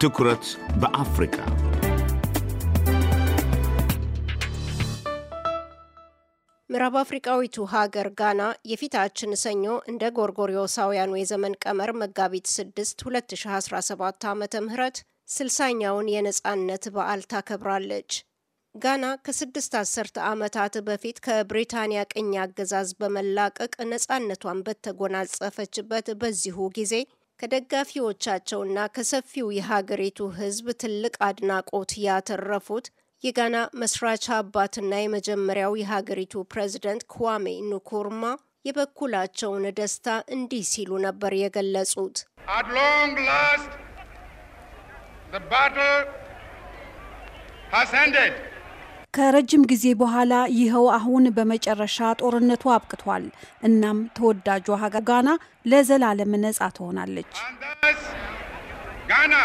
ትኩረት በአፍሪካ ምዕራብ አፍሪቃዊቱ ሀገር ጋና የፊታችን ሰኞ እንደ ጎርጎሪዮሳውያኑ የዘመን ቀመር መጋቢት 6 2017 ዓ ም 60ኛውን የነፃነት በዓል ታከብራለች። ጋና ከስድስት አስርተ ዓመታት በፊት ከብሪታንያ ቅኝ አገዛዝ በመላቀቅ ነፃነቷን በተጎናጸፈችበት በዚሁ ጊዜ ከደጋፊዎቻቸውና ከሰፊው የሀገሪቱ ሕዝብ ትልቅ አድናቆት ያተረፉት የጋና መስራች አባትና የመጀመሪያው የሀገሪቱ ፕሬዝደንት ክዋሜ ንኩርማ የበኩላቸውን ደስታ እንዲህ ሲሉ ነበር የገለጹት። ከረጅም ጊዜ በኋላ ይኸው አሁን በመጨረሻ ጦርነቱ አብቅቷል። እናም ተወዳጇ ሀገር ጋና ለዘላለም ነጻ ትሆናለች። ጋና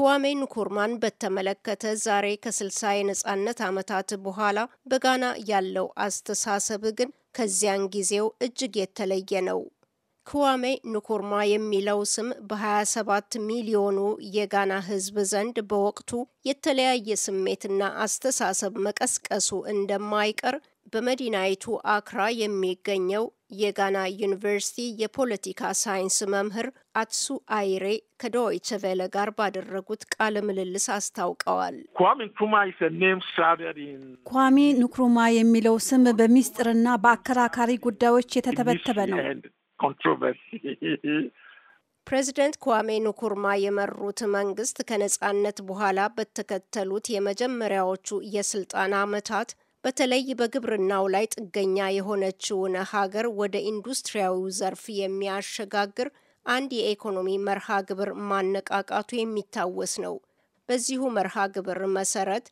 ክዋሜ ንኩርማን በተመለከተ ዛሬ ከስልሳ የነጻነት ዓመታት በኋላ በጋና ያለው አስተሳሰብ ግን ከዚያን ጊዜው እጅግ የተለየ ነው። ክዋሜ ንኩርማ የሚለው ስም በ27 ሚሊዮኑ የጋና ሕዝብ ዘንድ በወቅቱ የተለያየ ስሜትና አስተሳሰብ መቀስቀሱ እንደማይቀር በመዲናይቱ አክራ የሚገኘው የጋና ዩኒቨርሲቲ የፖለቲካ ሳይንስ መምህር አትሱ አይሬ ከዶይቸ ቬለ ጋር ባደረጉት ቃለ ምልልስ አስታውቀዋል። ኳሜ ንክሩማ የሚለው ስም በሚስጥርና በአከራካሪ ጉዳዮች የተተበተበ ነው። ፕሬዚደንት ኳሜ ንኩርማ የመሩት መንግስት ከነጻነት በኋላ በተከተሉት የመጀመሪያዎቹ የስልጣን ዓመታት በተለይ በግብርናው ላይ ጥገኛ የሆነችውን ሀገር ወደ ኢንዱስትሪያዊ ዘርፍ የሚያሸጋግር አንድ የኢኮኖሚ መርሃ ግብር ማነቃቃቱ የሚታወስ ነው። በዚሁ መርሃ ግብር መሰረት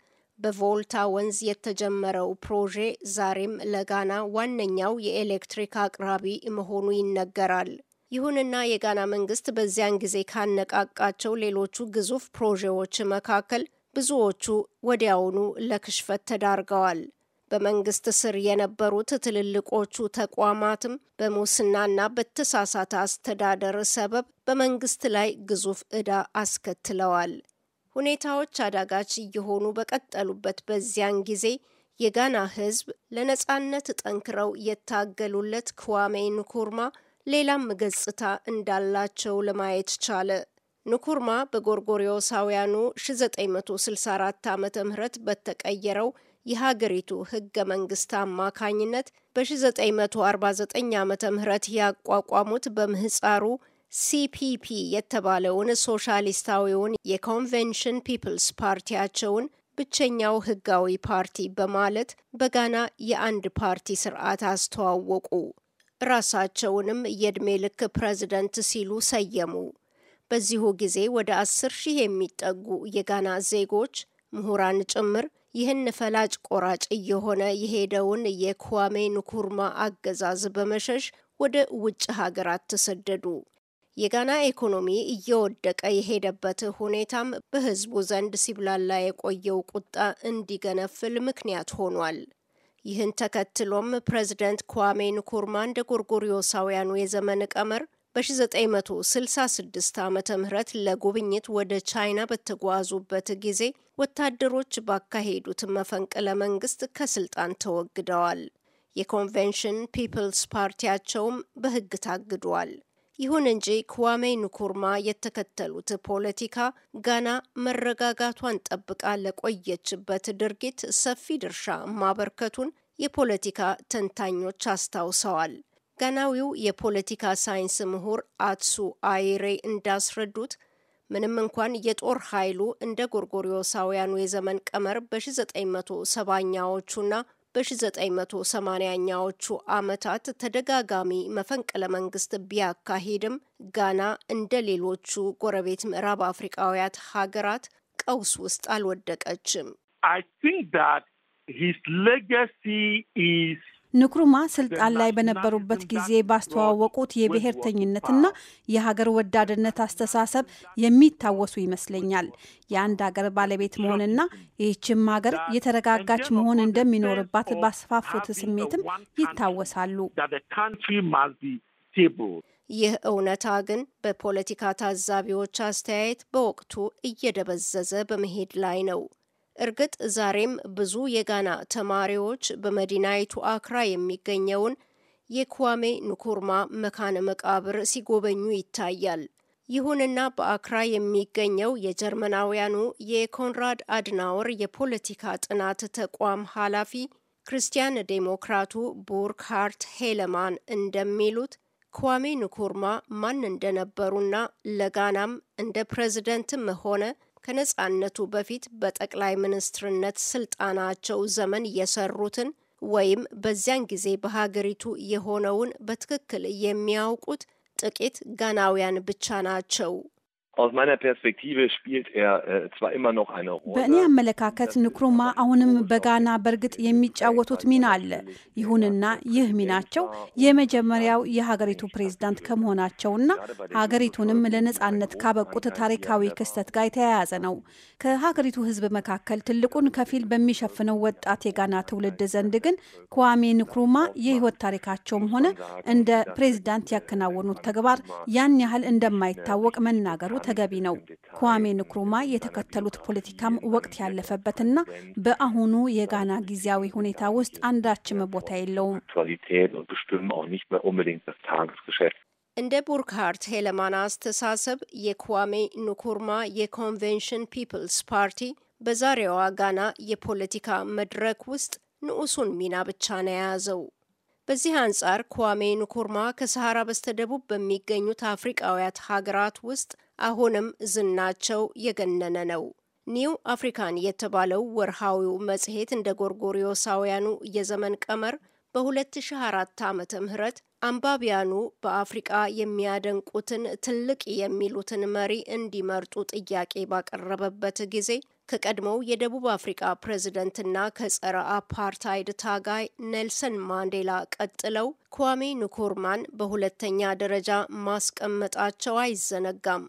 በቮልታ ወንዝ የተጀመረው ፕሮጄ ዛሬም ለጋና ዋነኛው የኤሌክትሪክ አቅራቢ መሆኑ ይነገራል። ይሁንና የጋና መንግስት በዚያን ጊዜ ካነቃቃቸው ሌሎቹ ግዙፍ ፕሮጄዎች መካከል ብዙዎቹ ወዲያውኑ ለክሽፈት ተዳርገዋል። በመንግስት ስር የነበሩት ትልልቆቹ ተቋማትም በሙስናና በተሳሳተ አስተዳደር ሰበብ በመንግስት ላይ ግዙፍ ዕዳ አስከትለዋል። ሁኔታዎች አዳጋች እየሆኑ በቀጠሉበት በዚያን ጊዜ የጋና ሕዝብ ለነፃነት ጠንክረው የታገሉለት ክዋሜ ንኩርማ ሌላም ገጽታ እንዳላቸው ለማየት ቻለ። ንኩርማ በጎርጎሪዮሳውያኑ 1964 ዓ ም በተቀየረው የሀገሪቱ ህገ መንግስት አማካኝነት በ1949 ዓ ም ያቋቋሙት በምህፃሩ ሲፒፒ የተባለውን ሶሻሊስታዊውን የኮንቬንሽን ፒፕልስ ፓርቲያቸውን ብቸኛው ህጋዊ ፓርቲ በማለት በጋና የአንድ ፓርቲ ስርዓት አስተዋወቁ። ራሳቸውንም የዕድሜ ልክ ፕሬዝደንት ሲሉ ሰየሙ። በዚሁ ጊዜ ወደ አስር ሺህ የሚጠጉ የጋና ዜጎች ምሁራን ጭምር ይህን ፈላጭ ቆራጭ እየሆነ የሄደውን የኩዋሜ ንኩርማ አገዛዝ በመሸሽ ወደ ውጭ ሀገራት ተሰደዱ። የጋና ኢኮኖሚ እየወደቀ የሄደበት ሁኔታም በህዝቡ ዘንድ ሲብላላ የቆየው ቁጣ እንዲገነፍል ምክንያት ሆኗል። ይህን ተከትሎም ፕሬዝደንት ኩዋሜ ንኩርማ እንደ ጎርጎሪዮሳውያኑ የዘመን ቀመር በ1966 ዓ ም ለጉብኝት ወደ ቻይና በተጓዙበት ጊዜ ወታደሮች ባካሄዱት መፈንቅለ መንግስት ከስልጣን ተወግደዋል። የኮንቬንሽን ፒፕልስ ፓርቲያቸውም በህግ ታግዷል። ይሁን እንጂ ክዋሜ ንኩርማ የተከተሉት ፖለቲካ ጋና መረጋጋቷን ጠብቃ ለቆየችበት ድርጊት ሰፊ ድርሻ ማበርከቱን የፖለቲካ ተንታኞች አስታውሰዋል። ጋናዊው የፖለቲካ ሳይንስ ምሁር አትሱ አይሬ እንዳስረዱት ምንም እንኳን የጦር ኃይሉ እንደ ጎርጎሪዮሳውያኑ የዘመን ቀመር በ1970ኛዎቹና በ1980ኛዎቹ ዓመታት ተደጋጋሚ መፈንቅለ መንግስት ቢያካሂድም ጋና እንደ ሌሎቹ ጎረቤት ምዕራብ አፍሪቃውያት ሀገራት ቀውስ ውስጥ አልወደቀችም። ንክሩማ ስልጣን ላይ በነበሩበት ጊዜ ባስተዋወቁት የብሔርተኝነትና የሀገር ወዳድነት አስተሳሰብ የሚታወሱ ይመስለኛል። የአንድ ሀገር ባለቤት መሆንና ይህችም ሀገር የተረጋጋች መሆን እንደሚኖርባት ባስፋፉት ስሜትም ይታወሳሉ። ይህ እውነታ ግን በፖለቲካ ታዛቢዎች አስተያየት በወቅቱ እየደበዘዘ በመሄድ ላይ ነው። እርግጥ ዛሬም ብዙ የጋና ተማሪዎች በመዲናይቱ አክራ የሚገኘውን የክዋሜ ንኩርማ መካነ መቃብር ሲጎበኙ ይታያል። ይሁንና በአክራ የሚገኘው የጀርመናውያኑ የኮንራድ አድናወር የፖለቲካ ጥናት ተቋም ኃላፊ ክርስቲያን ዴሞክራቱ ቡርክሃርት ሄለማን እንደሚሉት ክዋሜ ንኩርማ ማን እንደነበሩና ለጋናም እንደ ፕሬዝደንትም ሆነ ከነጻነቱ በፊት በጠቅላይ ሚኒስትርነት ስልጣናቸው ዘመን የሰሩትን ወይም በዚያን ጊዜ በሀገሪቱ የሆነውን በትክክል የሚያውቁት ጥቂት ጋናውያን ብቻ ናቸው። Aus meiner Perspektive spielt er äh, zwar immer noch eine Rolle. በእኔ አመለካከት ንክሩማ አሁንም በጋና በእርግጥ የሚጫወቱት ሚና አለ። ይሁንና ይህ ሚናቸው የመጀመሪያው የሀገሪቱ ፕሬዝዳንት ከመሆናቸውና ሀገሪቱንም ለነጻነት ካበቁት ታሪካዊ ክስተት ጋር የተያያዘ ነው። ከሀገሪቱ ሕዝብ መካከል ትልቁን ከፊል በሚሸፍነው ወጣት የጋና ትውልድ ዘንድ ግን ከዋሜ ንክሩማ የህይወት ታሪካቸውም ሆነ እንደ ፕሬዝዳንት ያከናወኑት ተግባር ያን ያህል እንደማይታወቅ መናገሩ ተገቢ ነው። ክዋሜ ንክሩማ የተከተሉት ፖለቲካም ወቅት ያለፈበትና በአሁኑ የጋና ጊዜያዊ ሁኔታ ውስጥ አንዳችም ቦታ የለውም። እንደ ቡርክሃርት ሄለማና አስተሳሰብ የክዋሜ ንኩርማ የኮንቬንሽን ፒፕልስ ፓርቲ በዛሬዋ ጋና የፖለቲካ መድረክ ውስጥ ንዑሱን ሚና ብቻ ነው የያዘው። በዚህ አንጻር ኳሜ ንኩርማ ከሰሃራ በስተደቡብ በሚገኙት አፍሪቃውያት ሀገራት ውስጥ አሁንም ዝናቸው የገነነ ነው። ኒው አፍሪካን የተባለው ወርሃዊው መጽሔት እንደ ጎርጎሪዮሳውያኑ የዘመን ቀመር በ2004 ዓ ም አንባቢያኑ በአፍሪቃ የሚያደንቁትን ትልቅ የሚሉትን መሪ እንዲመርጡ ጥያቄ ባቀረበበት ጊዜ ከቀድሞው የደቡብ አፍሪቃ ፕሬዝደንትና ከጸረ አፓርታይድ ታጋይ ኔልሰን ማንዴላ ቀጥለው ኳሜ ንኩርማን በሁለተኛ ደረጃ ማስቀመጣቸው አይዘነጋም።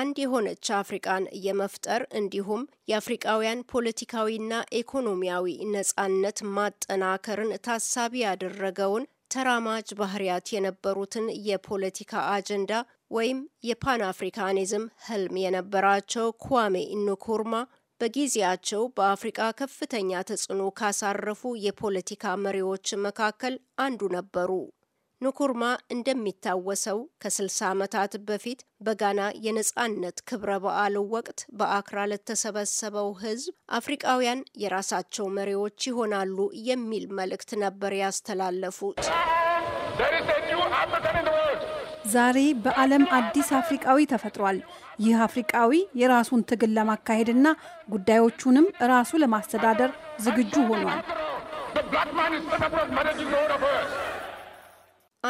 አንድ የሆነች አፍሪቃን የመፍጠር እንዲሁም የአፍሪቃውያን ፖለቲካዊና ኢኮኖሚያዊ ነጻነት ማጠናከርን ታሳቢ ያደረገውን ተራማጅ ባህሪያት የነበሩትን የፖለቲካ አጀንዳ ወይም የፓን አፍሪካኒዝም ህልም የነበራቸው ኳሜ ንኩርማ በጊዜያቸው በአፍሪቃ ከፍተኛ ተጽዕኖ ካሳረፉ የፖለቲካ መሪዎች መካከል አንዱ ነበሩ። ንኩርማ እንደሚታወሰው ከ60 ዓመታት በፊት በጋና የነጻነት ክብረ በዓል ወቅት በአክራ ለተሰበሰበው ሕዝብ አፍሪቃውያን የራሳቸው መሪዎች ይሆናሉ የሚል መልእክት ነበር ያስተላለፉት። ዛሬ በዓለም አዲስ አፍሪቃዊ ተፈጥሯል። ይህ አፍሪቃዊ የራሱን ትግል ለማካሄድና ጉዳዮቹንም ራሱ ለማስተዳደር ዝግጁ ሆኗል።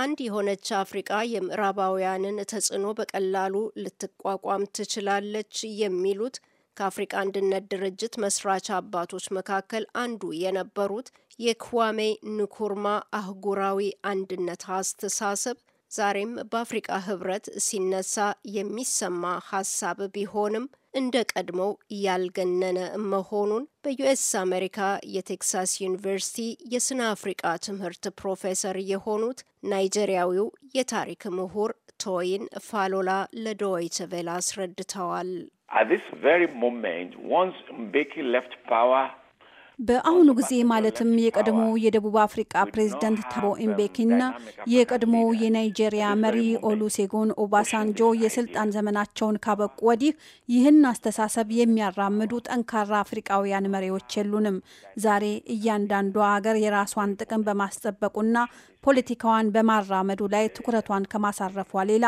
አንድ የሆነች አፍሪቃ የምዕራባውያንን ተጽዕኖ በቀላሉ ልትቋቋም ትችላለች የሚሉት ከአፍሪቃ አንድነት ድርጅት መስራች አባቶች መካከል አንዱ የነበሩት የክዋሜ ንኩርማ አህጉራዊ አንድነት አስተሳሰብ ዛሬም በአፍሪቃ ህብረት ሲነሳ የሚሰማ ሀሳብ ቢሆንም እንደ ቀድሞው ያልገነነ መሆኑን በዩኤስ አሜሪካ የቴክሳስ ዩኒቨርሲቲ የስነ አፍሪቃ ትምህርት ፕሮፌሰር የሆኑት ናይጄሪያዊው የታሪክ ምሁር ቶይን ፋሎላ ለዶይቸ ቬለ አስረድተዋል። በአሁኑ ጊዜ ማለትም የቀድሞ የደቡብ አፍሪቃ ፕሬዚደንት ታቦ ኢምቤኪና የቀድሞ የናይጄሪያ መሪ ኦሉሴጎን ኦባሳንጆ የስልጣን ዘመናቸውን ካበቁ ወዲህ ይህን አስተሳሰብ የሚያራምዱ ጠንካራ አፍሪቃውያን መሪዎች የሉንም። ዛሬ እያንዳንዷ ሀገር የራሷን ጥቅም በማስጠበቁና ፖለቲካዋን በማራመዱ ላይ ትኩረቷን ከማሳረፏ ሌላ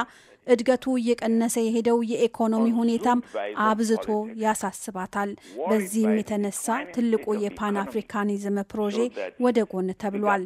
እድገቱ እየቀነሰ የሄደው የኢኮኖሚ ሁኔታም አብዝቶ ያሳስባታል። በዚህም የተነሳ ትልቁ የፓን አፍሪካኒዝም ፕሮጄ ወደ ጎን ተብሏል።